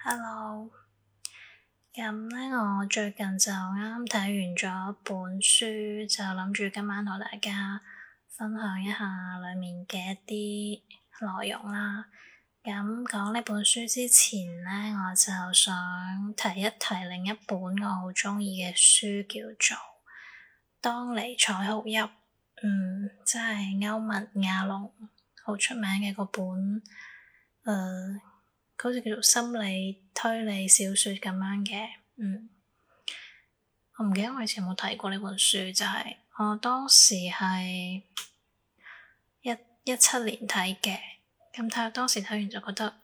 hello，咁咧我最近就啱睇完咗本書，就諗住今晚同大家分享一下裡面嘅一啲內容啦。咁講呢本書之前咧，我就想提一提另一本我好中意嘅書，叫做《當尼采哭泣》，嗯，即係歐文亞隆好出名嘅嗰本，誒、呃。好似叫做心理推理小説，咁樣嘅，嗯，我唔記得我以前有冇睇過呢本書，就係、是、我當時係一一七年睇嘅。咁睇，當時睇完就覺得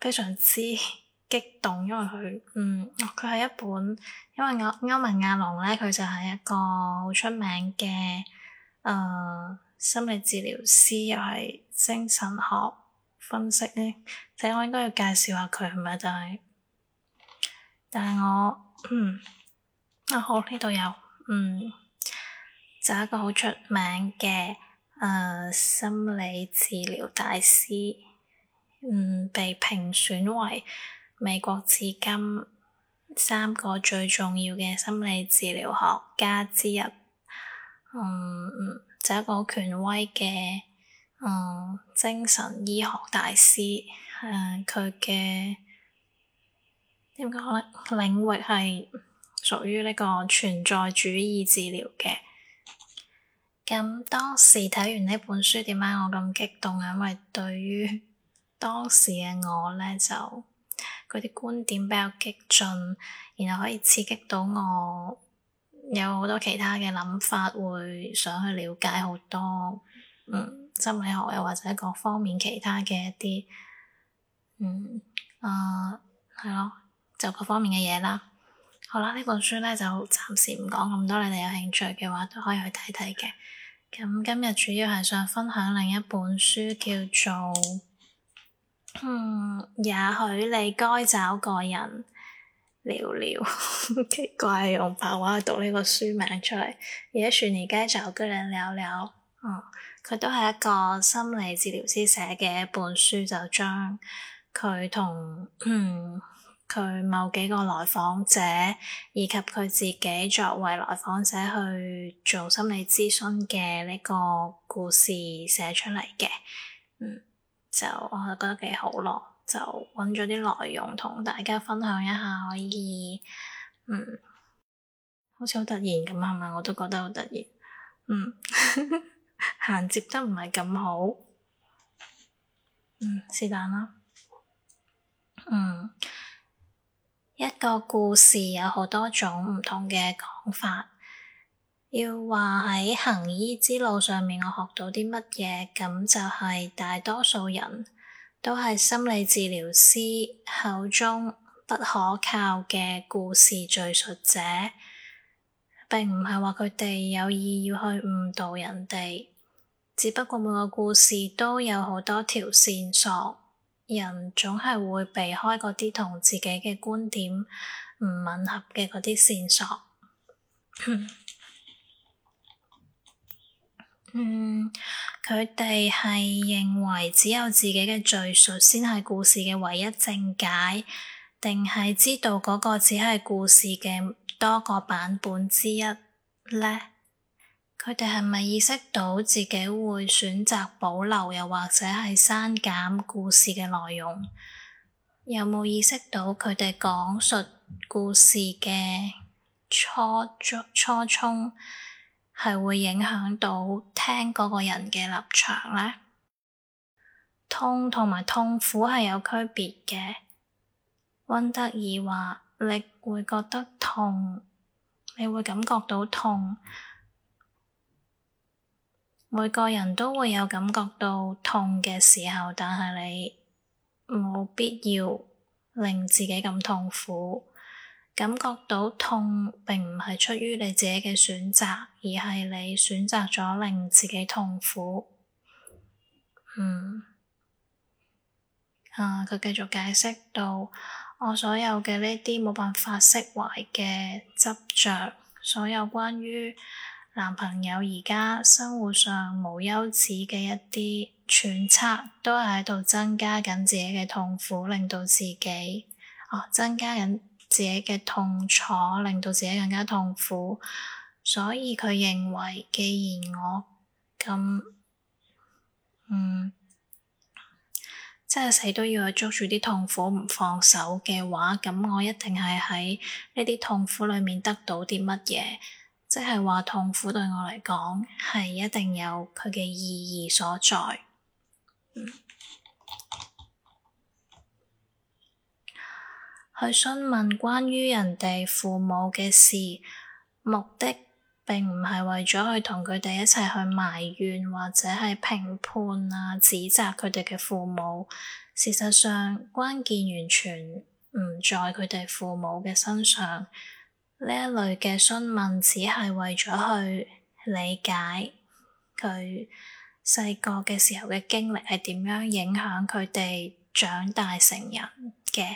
非常之激動，因為佢，嗯，佢係一本，因為亞歐文亞隆咧，佢就係一個好出名嘅誒、呃、心理治療師，又係精神學。分析呢，即係我應該要介紹下佢，係咪就係，但係我嗯啊好呢度有嗯就一個好出名嘅誒、呃，心理治療大師，嗯被評選為美國至今三個最重要嘅心理治療學家之一，嗯就一個好權威嘅嗯，精神醫學大師，誒，佢嘅，點講咧？領域係屬於呢個存在主義治療嘅。咁當時睇完呢本書，點解我咁激動？因為對於當時嘅我呢，就佢啲觀點比較激進，然後可以刺激到我有好多其他嘅諗法，會想去了解好多。嗯，心理學又或者各方面其他嘅一啲，嗯，啊、呃，係咯，就各方面嘅嘢啦。好啦，呢本書咧就暫時唔講咁多。你哋有興趣嘅話，都可以去睇睇嘅。咁今日主要係想分享另一本書，叫做嗯，也許你該找個人聊聊。奇 怪，用白話去讀呢個書名出嚟，也許你該找個人聊聊，嗯。佢都係一個心理治療師寫嘅一本書，就將佢同嗯，佢某幾個來訪者以及佢自己作為來訪者去做心理諮詢嘅呢個故事寫出嚟嘅。嗯，就我係覺得幾好咯，就揾咗啲內容同大家分享一下，可以嗯，好似好突然咁係咪？我都覺得好突然，嗯。 銜接得唔係咁好，嗯，是但啦，嗯，一個故事有好多種唔同嘅講法。要話喺行醫之路上面，我學到啲乜嘢，咁就係大多數人都係心理治療師口中不可靠嘅故事敘述者，並唔係話佢哋有意要去誤導人哋。只不過每個故事都有好多條線索，人總係會避開嗰啲同自己嘅觀點唔吻合嘅嗰啲線索。 嗯，佢哋係認為只有自己嘅敘述先係故事嘅唯一正解，定係知道嗰個只係故事嘅多個版本之一呢？佢哋係咪意識到自己會選擇保留，又或者係刪減故事嘅內容？有冇意識到佢哋講述故事嘅初初，初衷係會影響到聽嗰個人嘅立場呢？痛同埋痛苦係有區別嘅。温德爾話：你會覺得痛，你會感覺到痛。每個人都會有感覺到痛嘅時候，但係你冇必要令自己咁痛苦。感覺到痛並唔係出於你自己嘅選擇，而係你選擇咗令自己痛苦。嗯，啊，佢繼續解釋到，我所有嘅呢啲冇辦法釋懷嘅執着，所有關於……男朋友而家生活上冇休止嘅一啲揣測，都係喺度增加緊自己嘅痛苦，令到自己哦增加緊自己嘅痛楚，令到自己更加痛苦。所以佢認為，既然我咁嗯，即係死都要去捉住啲痛苦唔放手嘅話，咁我一定係喺呢啲痛苦裏面得到啲乜嘢。即係話痛苦對我嚟講係一定有佢嘅意義所在。去、嗯、詢問關於人哋父母嘅事，目的並唔係為咗去同佢哋一齊去埋怨或者係評判啊、指責佢哋嘅父母。事實上，關鍵完全唔在佢哋父母嘅身上。呢一類嘅詢問，只係為咗去理解佢細個嘅時候嘅經歷係點樣影響佢哋長大成人嘅，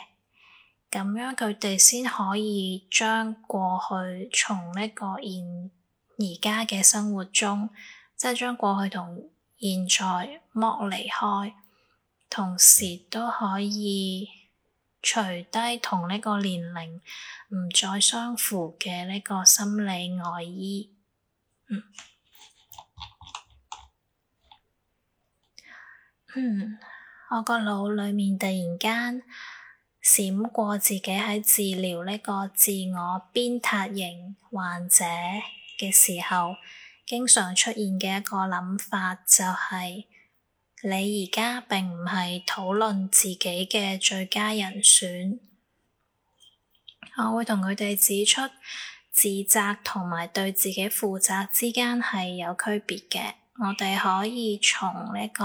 咁樣佢哋先可以將過去從呢個現而家嘅生活中，即係將過去同現在剝離開，同時都可以。除低同呢個年齡唔再相符嘅呢個心理外衣，嗯，嗯，我個腦裏面突然間閃過自己喺治療呢個自我鞭撻型患者嘅時候，經常出現嘅一個諗法就係、是。你而家並唔係討論自己嘅最佳人選。我會同佢哋指出，自責同埋對自己負責之間係有區別嘅。我哋可以從呢個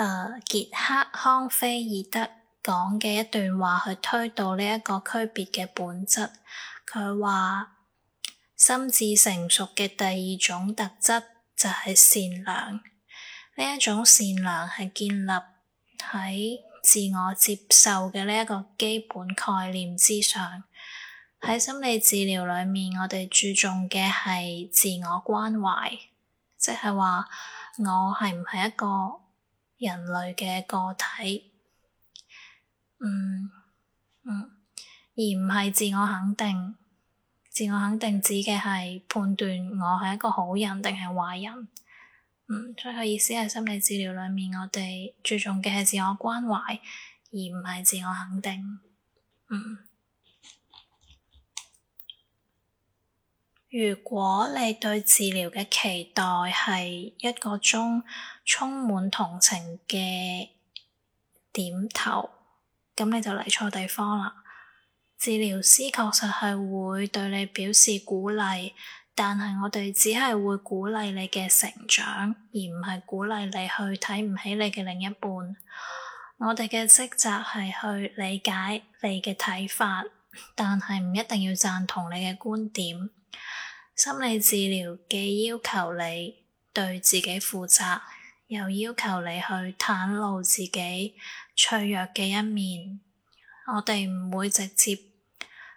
誒傑克康菲爾德講嘅一段話去推導呢一個區別嘅本質。佢話心智成熟嘅第二種特質就係善良。呢一種善良係建立喺自我接受嘅呢一個基本概念之上。喺心理治療裏面，我哋注重嘅係自我關懷，即係話我係唔係一個人類嘅個體？嗯嗯，而唔係自我肯定。自我肯定指嘅係判斷我係一個好人定係壞人。嗯，最後意思係心理治療裏面，我哋注重嘅係自我關懷，而唔係自我肯定。嗯，如果你對治療嘅期待係一個鐘充滿同情嘅點頭，咁你就嚟錯地方啦。治療師確實係會對你表示鼓勵。但係我哋只係會鼓勵你嘅成長而唔係鼓勵你去睇唔起你嘅另一半。我哋嘅職責係去理解你嘅睇法，但係唔一定要贊同你嘅觀點。心理治療既要求你對自己負責，又要求你去袒露自己脆弱嘅一面。我哋唔會直接。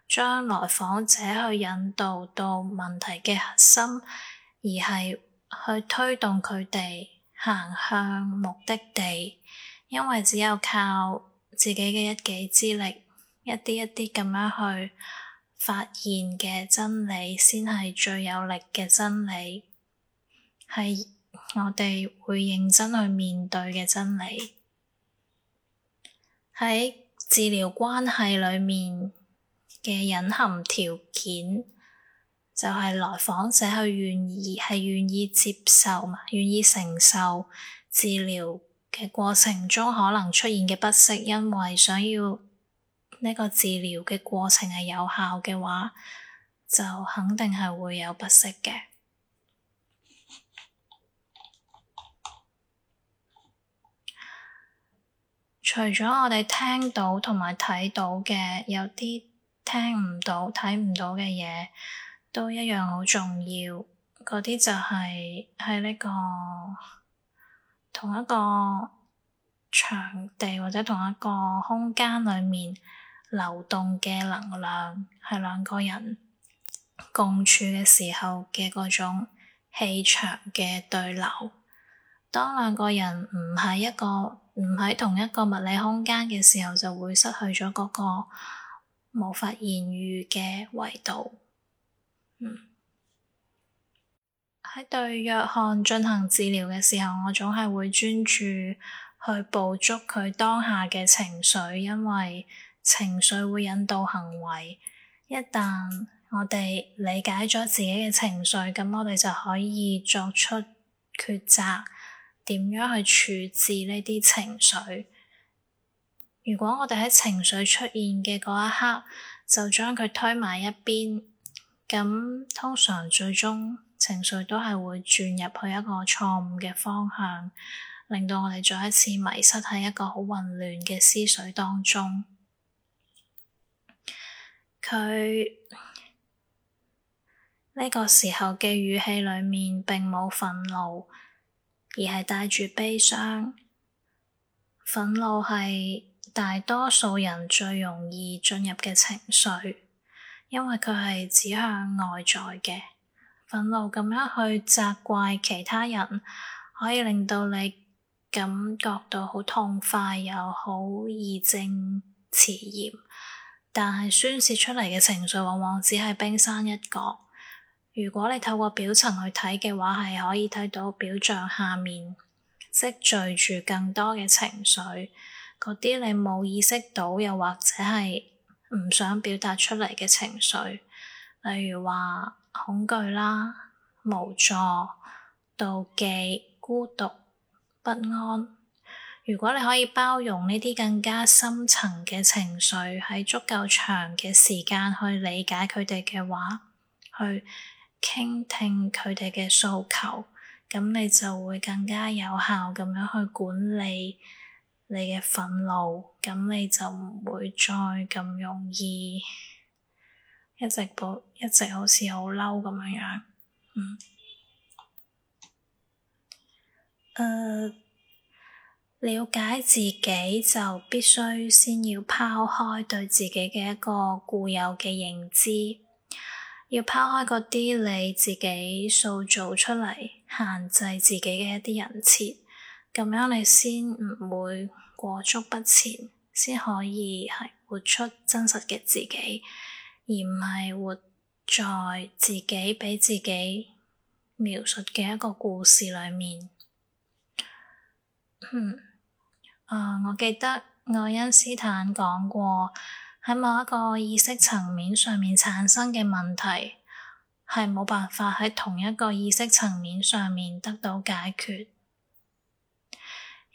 將來訪者去引導到問題嘅核心，而係去推動佢哋行向目的地。因為只有靠自己嘅一己之力，一啲一啲咁樣去發現嘅真理，先係最有力嘅真理，係我哋會認真去面對嘅真理。喺治療關係裏面，嘅隱含條件就係、是、來訪者係願意係願意接受、願意承受治療嘅過程中可能出現嘅不適，因為想要呢個治療嘅過程係有效嘅話，就肯定係會有不適嘅。除咗我哋聽到同埋睇到嘅有啲，聽唔到、睇唔到嘅嘢，都一樣好重要。嗰啲就係喺呢個同一個場地或者同一個空間裏面流動嘅能量，係兩個人共處嘅時候嘅嗰種氣場嘅對流。當兩個人唔係一個唔喺同一個物理空間嘅時候，就會失去咗嗰個。無法言喻嘅維度。嗯，喺對約翰進行治療嘅時候，我總係會專注去捕捉佢當下嘅情緒，因為情緒會引導行為。一旦我哋理解咗自己嘅情緒，咁我哋就可以作出抉擇，點樣去處置呢啲情緒。如果我哋喺情緒出現嘅嗰一刻就將佢推埋一邊，咁通常最終情緒都係會轉入去一個錯誤嘅方向，令到我哋再一次迷失喺一個好混亂嘅思緒當中。佢呢個時候嘅語氣裏面並冇憤怒，而係帶住悲傷，憤怒係大多數人最容易進入嘅情緒，因為佢係指向外在嘅憤怒，咁樣去責怪其他人，可以令到你感覺到好痛快又好義正辭嚴。但係宣洩出嚟嘅情緒，往往只係冰山一角。如果你透過表層去睇嘅話，係可以睇到表象下面積聚住更多嘅情緒。嗰啲你冇意識到，又或者係唔想表達出嚟嘅情緒，例如話恐懼啦、無助、妒忌、孤獨、不安。如果你可以包容呢啲更加深層嘅情緒，喺足夠長嘅時間去理解佢哋嘅話，去傾聽佢哋嘅訴求，咁你就會更加有效咁樣去管理你嘅憤怒，咁你就唔會再咁容易一直保一直好似好嬲咁樣樣，嗯，誒、呃，了解自己就必須先要拋開對自己嘅一個固有嘅認知，要拋開嗰啲你自己塑造出嚟限制自己嘅一啲人設。咁樣你先唔會裹足不前，先可以係活出真實嘅自己，而唔係活在自己畀自己描述嘅一個故事裡面。啊、嗯呃，我記得愛因斯坦講過，喺某一個意識層面上面產生嘅問題，係冇辦法喺同一個意識層面上面得到解決。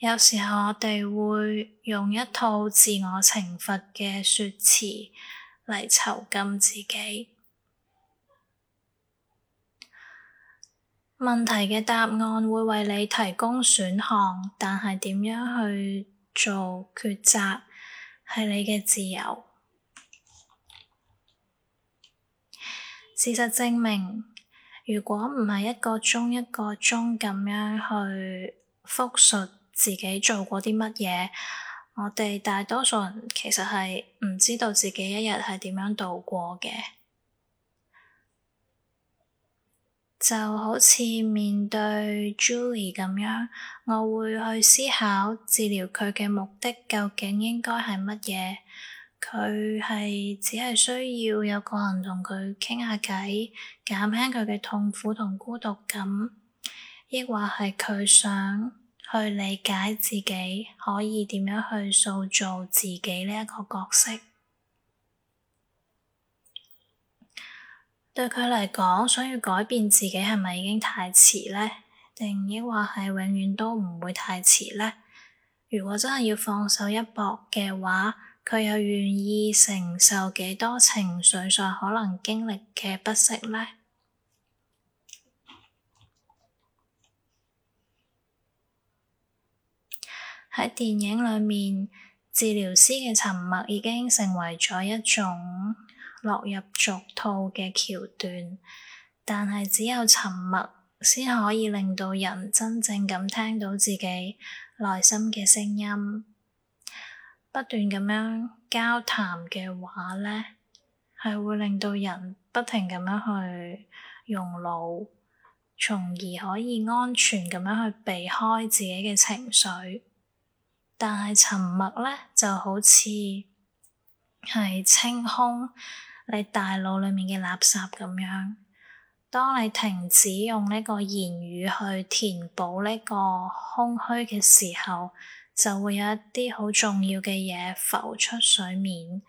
有時候我哋會用一套自我懲罰嘅說辭嚟囚禁自己。問題嘅答案會為你提供選項，但係點樣去做抉擇係你嘅自由。事實證明，如果唔係一個鐘一個鐘咁樣去複述。自己做過啲乜嘢？我哋大多數人其實係唔知道自己一日係點樣度過嘅，就好似面對 Julie 咁樣，我會去思考治療佢嘅目的究竟應該係乜嘢？佢係只係需要有個人同佢傾下偈，減輕佢嘅痛苦同孤獨感，亦或係佢想。去理解自己，可以點樣去塑造自己呢一個角色？對佢嚟講，想要改變自己係咪已經太遲呢？定抑或係永遠都唔會太遲呢？如果真係要放手一搏嘅話，佢又願意承受幾多情緒上可能經歷嘅不適呢？喺電影裏面，治療師嘅沉默已經成為咗一種落入俗套嘅橋段。但係，只有沉默，先可以令到人真正咁聽到自己內心嘅聲音。不斷咁樣交談嘅話咧，係會令到人不停咁樣去用腦，從而可以安全咁樣去避開自己嘅情緒。但係沉默咧，就好似係清空你大腦裏面嘅垃圾咁樣。當你停止用呢個言語去填補呢個空虛嘅時候，就會有一啲好重要嘅嘢浮出水面。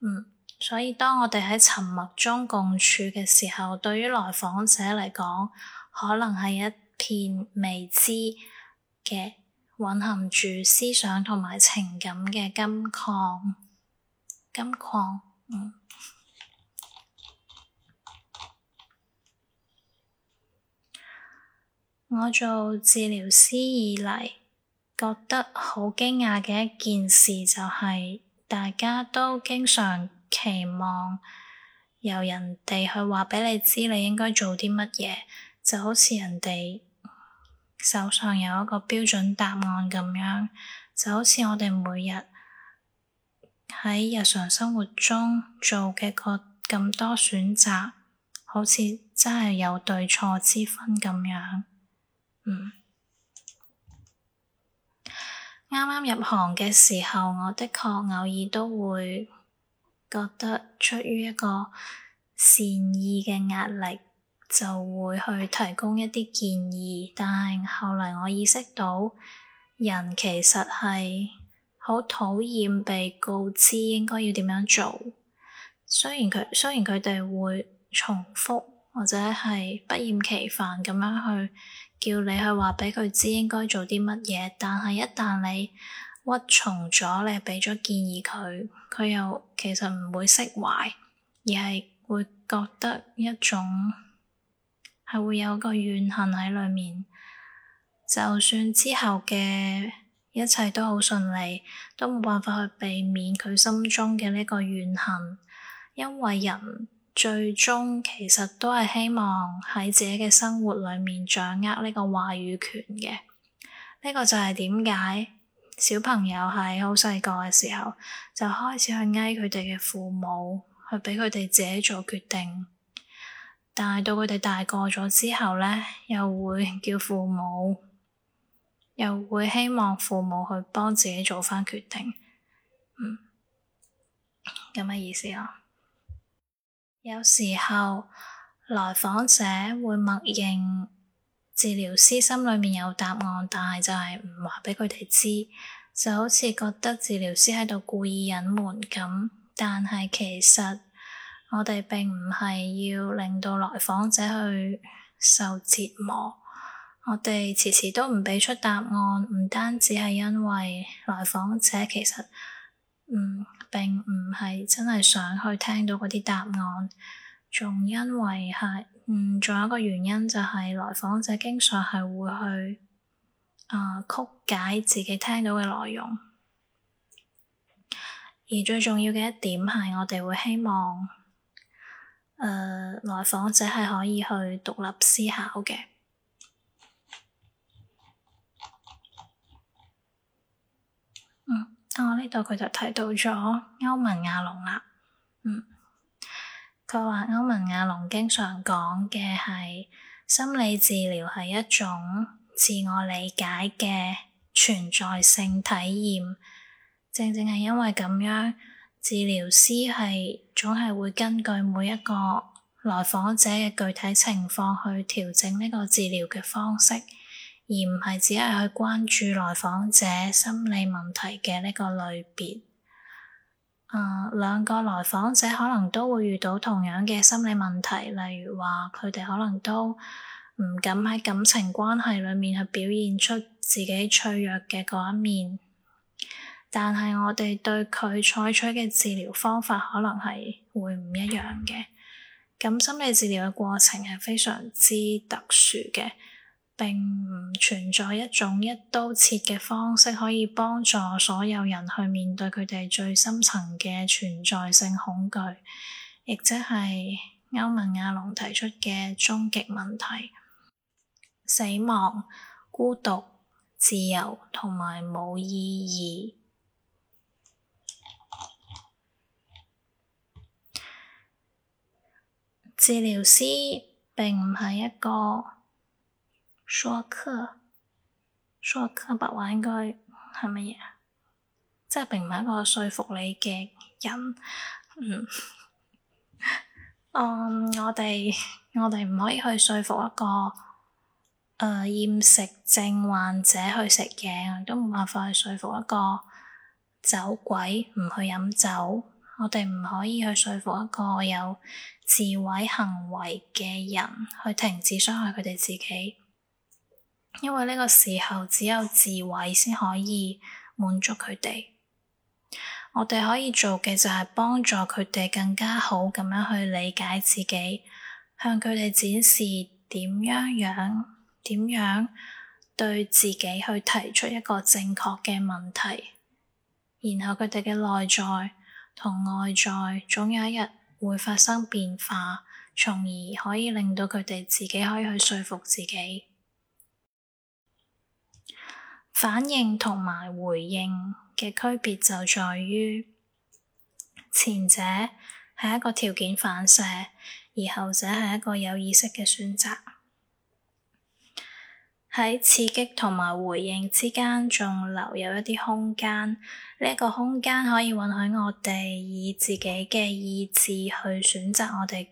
嗯，所以當我哋喺沉默中共處嘅時候，對於來訪者嚟講，可能係一片未知嘅。蘊含住思想同埋情感嘅金礦，金礦，嗯。我做治療師以嚟，覺得好驚訝嘅一件事就係、是，大家都經常期望由人哋去話畀你知，你應該做啲乜嘢，就好似人哋。手上有一個標準答案咁樣，就好似我哋每日喺日常生活中做嘅個咁多選擇，好似真係有對錯之分咁樣。嗯，啱啱入行嘅時候，我的確偶爾都會覺得出於一個善意嘅壓力。就會去提供一啲建議，但係後嚟我意識到，人其實係好討厭被告知應該要點樣做。雖然佢雖然佢哋會重複或者係不厭其煩咁樣去叫你去話畀佢知應該做啲乜嘢，但係一旦你屈從咗，你俾咗建議佢，佢又其實唔會釋懷，而係會覺得一種。係會有個怨恨喺裏面，就算之後嘅一切都好順利，都冇辦法去避免佢心中嘅呢個怨恨，因為人最終其實都係希望喺自己嘅生活裏面掌握呢個話語權嘅。呢個就係點解小朋友喺好細個嘅時候就開始去嗌佢哋嘅父母，去畀佢哋自己做決定。但係到佢哋大個咗之後呢，又會叫父母，又會希望父母去幫自己做翻決定，嗯，咁嘅意思咯。有時候來訪者會默認治療師心裏面有答案，但係就係唔話畀佢哋知，就好似覺得治療師喺度故意隱瞞咁，但係其實。我哋並唔係要令到來訪者去受折磨。我哋遲遲都唔畀出答案，唔單止係因為來訪者其實嗯並唔係真係想去聽到嗰啲答案，仲因為係嗯仲有一個原因就係來訪者經常係會去、呃、曲解自己聽到嘅內容。而最重要嘅一點係，我哋會希望。誒、呃、來訪者係可以去獨立思考嘅。嗯，我呢度佢就提到咗歐文亞隆啦。嗯，佢話歐文亞隆經常講嘅係心理治療係一種自我理解嘅存在性體驗，正正係因為咁樣。治療師係總係會根據每一個來訪者嘅具體情況去調整呢個治療嘅方式，而唔係只係去關注來訪者心理問題嘅呢個類別。誒、呃，兩個來訪者可能都會遇到同樣嘅心理問題，例如話佢哋可能都唔敢喺感情關係裡面去表現出自己脆弱嘅嗰一面。但係我哋對佢採取嘅治療方法可能係會唔一樣嘅。咁心理治療嘅過程係非常之特殊嘅，並唔存在一種一刀切嘅方式可以幫助所有人去面對佢哋最深層嘅存在性恐懼，亦即係歐文亞隆提出嘅終極問題：死亡、孤獨、自由同埋冇意義。治療師並唔係一個說客，說客白話應該係乜嘢？即係並唔係一個說服你嘅人。嗯，嗯，我哋我哋唔可以去說服一個誒厭食症患者去食嘢，都冇辦法去說服一個酒鬼唔去飲酒。我哋唔可以去說服一個有自毀行為嘅人去停止傷害佢哋自己，因為呢個時候只有自毀先可以滿足佢哋。我哋可以做嘅就係幫助佢哋更加好咁樣去理解自己，向佢哋展示點樣養，點樣對自己去提出一個正確嘅問題，然後佢哋嘅內在同外在總有一日會發生變化，從而可以令到佢哋自己可以去說服自己。反應同埋回應嘅區別就在於，前者係一個條件反射，而後者係一個有意識嘅選擇。喺刺激同埋回應之間，仲留有一啲空間。呢一個空間可以允許我哋以自己嘅意志去選擇我哋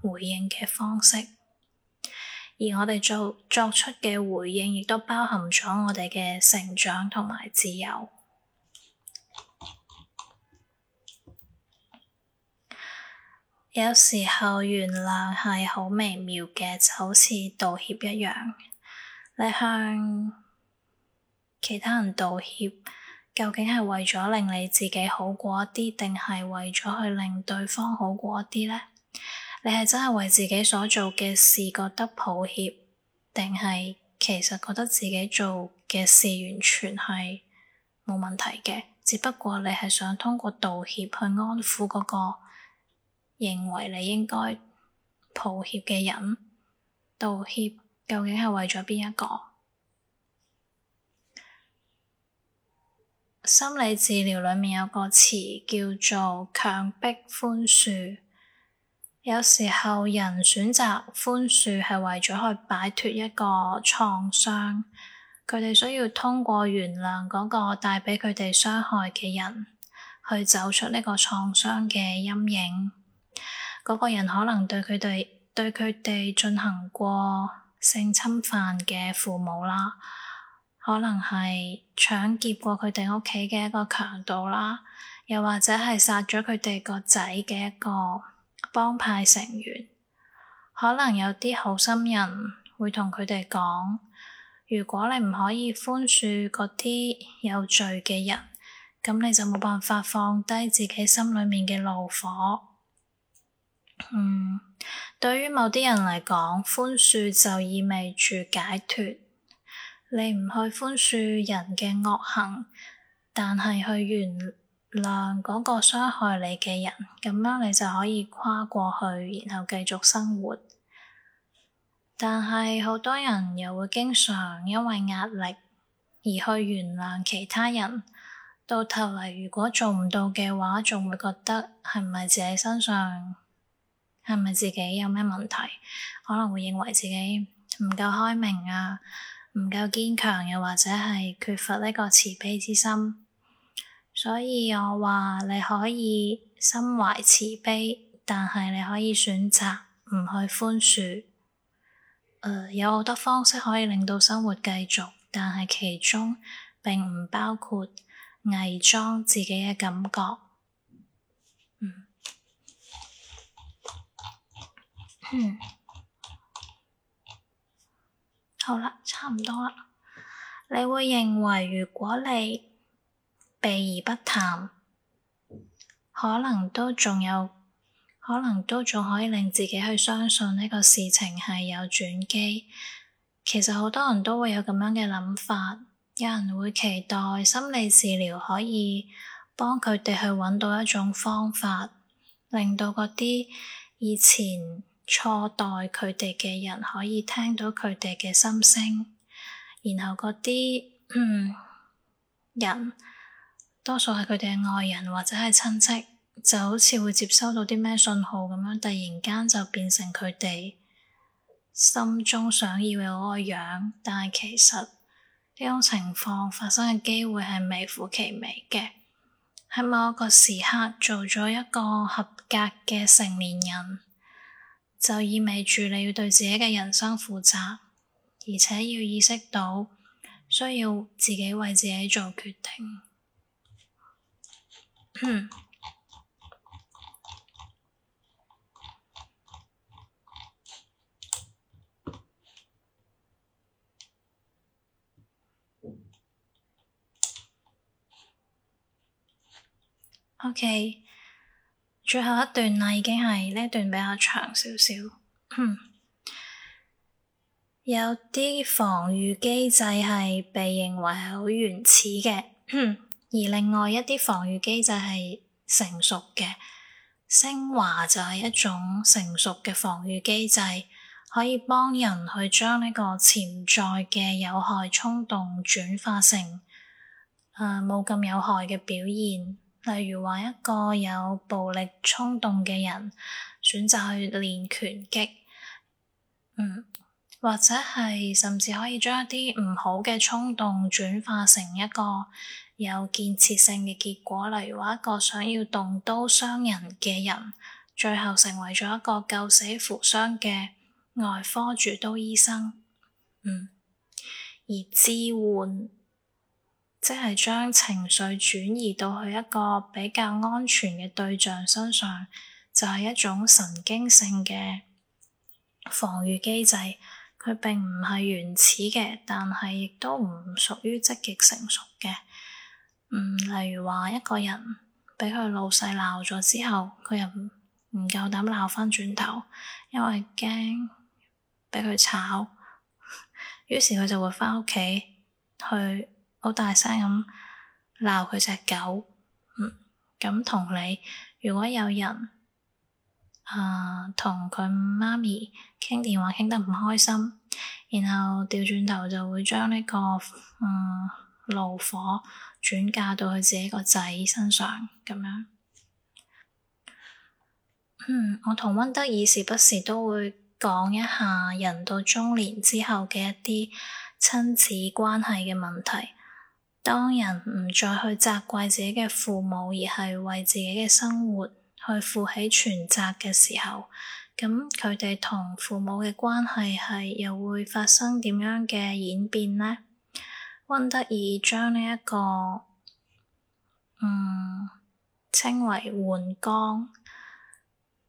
回應嘅方式，而我哋做作出嘅回應，亦都包含咗我哋嘅成長同埋自由。有時候，原諒係好微妙嘅，就好似道歉一樣。你向其他人道歉，究竟係為咗令你自己好過一啲，定係為咗去令對方好過一啲呢？你係真係為自己所做嘅事覺得抱歉，定係其實覺得自己做嘅事完全係冇問題嘅？只不過你係想通過道歉去安撫嗰個認為你應該抱歉嘅人，道歉。究竟係為咗邊一個？心理治療裡面有個詞叫做強迫寬恕。有時候人選擇寬恕係為咗去擺脫一個創傷，佢哋需要通過原諒嗰個帶畀佢哋傷害嘅人，去走出呢個創傷嘅陰影。嗰個人可能對佢哋對佢哋進行過。性侵犯嘅父母啦，可能係搶劫過佢哋屋企嘅一個強盜啦，又或者係殺咗佢哋個仔嘅一個幫派成員。可能有啲好心人會同佢哋講：如果你唔可以寬恕嗰啲有罪嘅人，咁你就冇辦法放低自己心裏面嘅怒火。嗯。對於某啲人嚟講，寬恕就意味住解脱。你唔去寬恕人嘅惡行，但係去原諒嗰個傷害你嘅人，咁樣你就可以跨過去，然後繼續生活。但係好多人又會經常因為壓力而去原諒其他人，到頭嚟如果做唔到嘅話，仲會覺得係咪自己身上？係咪自己有咩問題？可能會認為自己唔夠開明啊唔夠堅強，又或者係缺乏呢個慈悲之心。所以我話，你可以心懷慈悲，但係你可以選擇唔去寬恕。呃，有好多方式可以令到生活繼續，但係其中並唔包括偽裝自己嘅感覺。嗯，好啦，差唔多啦。你會認為，如果你避而不談，可能都仲有，可能都仲可以令自己去相信呢個事情係有轉機。其實好多人都會有咁樣嘅諗法，有人會期待心理治療可以幫佢哋去揾到一種方法，令到嗰啲以前錯待佢哋嘅人可以聽到佢哋嘅心聲，然後嗰啲嗯人多數係佢哋嘅愛人或者係親戚，就好似會接收到啲咩信號咁樣，突然間就變成佢哋心中想要嘅嗰個樣，但係其實呢種情況發生嘅機會係微乎其微嘅。喺某一個時刻做咗一個合格嘅成年人，就意味住你要對自己嘅人生負責，而且要意識到需要自己為自己做決定。嗯。Okay. 最後一段啦，已經係呢段比較長少少， 有啲防御機制係被認為係好原始嘅， 而另外一啲防御機制係成熟嘅，升華就係一種成熟嘅防御機制，可以幫人去將呢個潛在嘅有害衝動轉化成呃、冇咁有害嘅表現。例如話一個有暴力衝動嘅人選擇去練拳擊，嗯，或者係甚至可以將一啲唔好嘅衝動轉化成一個有建設性嘅結果。例如話一個想要動刀傷人嘅人，最後成為咗一個救死扶傷嘅外科主刀醫生，嗯，而支援。即係將情緒轉移到去一個比較安全嘅對象身上，就係一種神經性嘅防禦機制。佢並唔係原始嘅，但係亦都唔屬於積極成熟嘅。嗯，例如話一個人畀佢老細鬧咗之後，佢又唔夠膽鬧翻轉頭，因為驚畀佢炒，於是佢就會翻屋企去好大聲咁鬧佢隻狗，嗯咁同你。如果有人啊同佢媽咪傾電話傾得唔開心，然後調轉頭就會將呢個嗯怒火轉嫁到佢自己個仔身上咁樣。嗯，我同溫德爾時不時都會講一下人到中年之後嘅一啲親子關係嘅問題。當人唔再去責怪自己嘅父母，而係為自己嘅生活去負起全責嘅時候，咁佢哋同父母嘅關係係又會發生點樣嘅演變呢？溫德爾將呢一個嗯稱為換崗。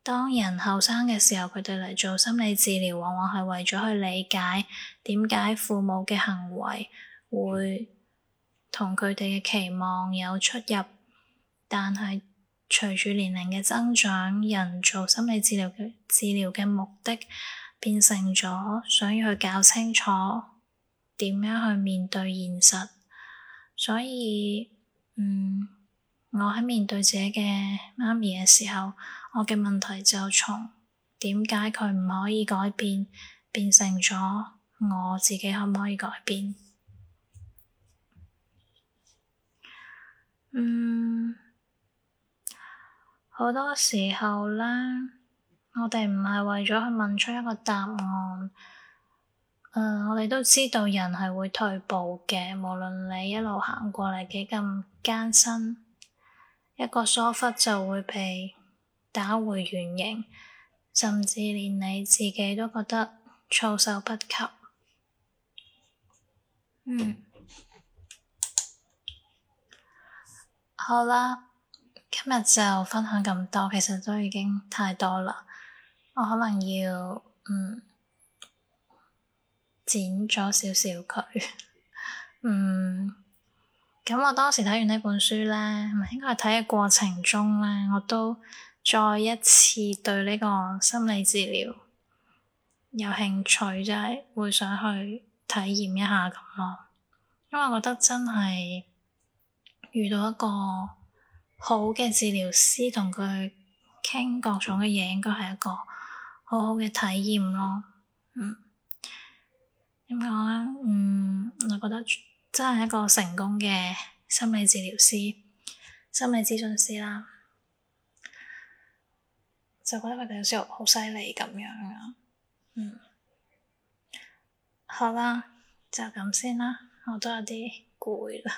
當人後生嘅時候，佢哋嚟做心理治療，往往係為咗去理解點解父母嘅行為會。同佢哋嘅期望有出入，但係隨住年齡嘅增長，人做心理治療嘅治療嘅目的變成咗，想要去搞清楚點樣去面對現實。所以，嗯，我喺面對自己嘅媽咪嘅時候，我嘅問題就從點解佢唔可以改變，變成咗我自己可唔可以改變。嗯，好多時候咧，我哋唔係為咗去問出一個答案。誒、呃，我哋都知道人係會退步嘅，無論你一路行過嚟幾咁艱辛，一個疏忽就會被打回原形，甚至連你自己都覺得措手不及。嗯。好啦，今日就分享咁多，其實都已經太多啦。我可能要嗯，剪咗少少佢。嗯，咁、嗯、我當時睇完呢本書咧，唔係，應該係睇嘅過程中咧，我都再一次對呢個心理治療有興趣，就係、是、會想去體驗一下咁咯。因為我覺得真係。遇到一個好嘅治療師，同佢傾各種嘅嘢，應該係一個好好嘅體驗咯。嗯，點講咧？嗯，我覺得真係一個成功嘅心理治療師、心理諮詢師啦，就覺得佢哋有時候好犀利咁樣啊。嗯，好啦，就咁先啦，我都有啲攰啦。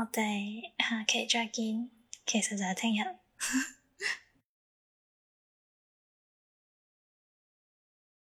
我哋下期再見，其實就係聽日。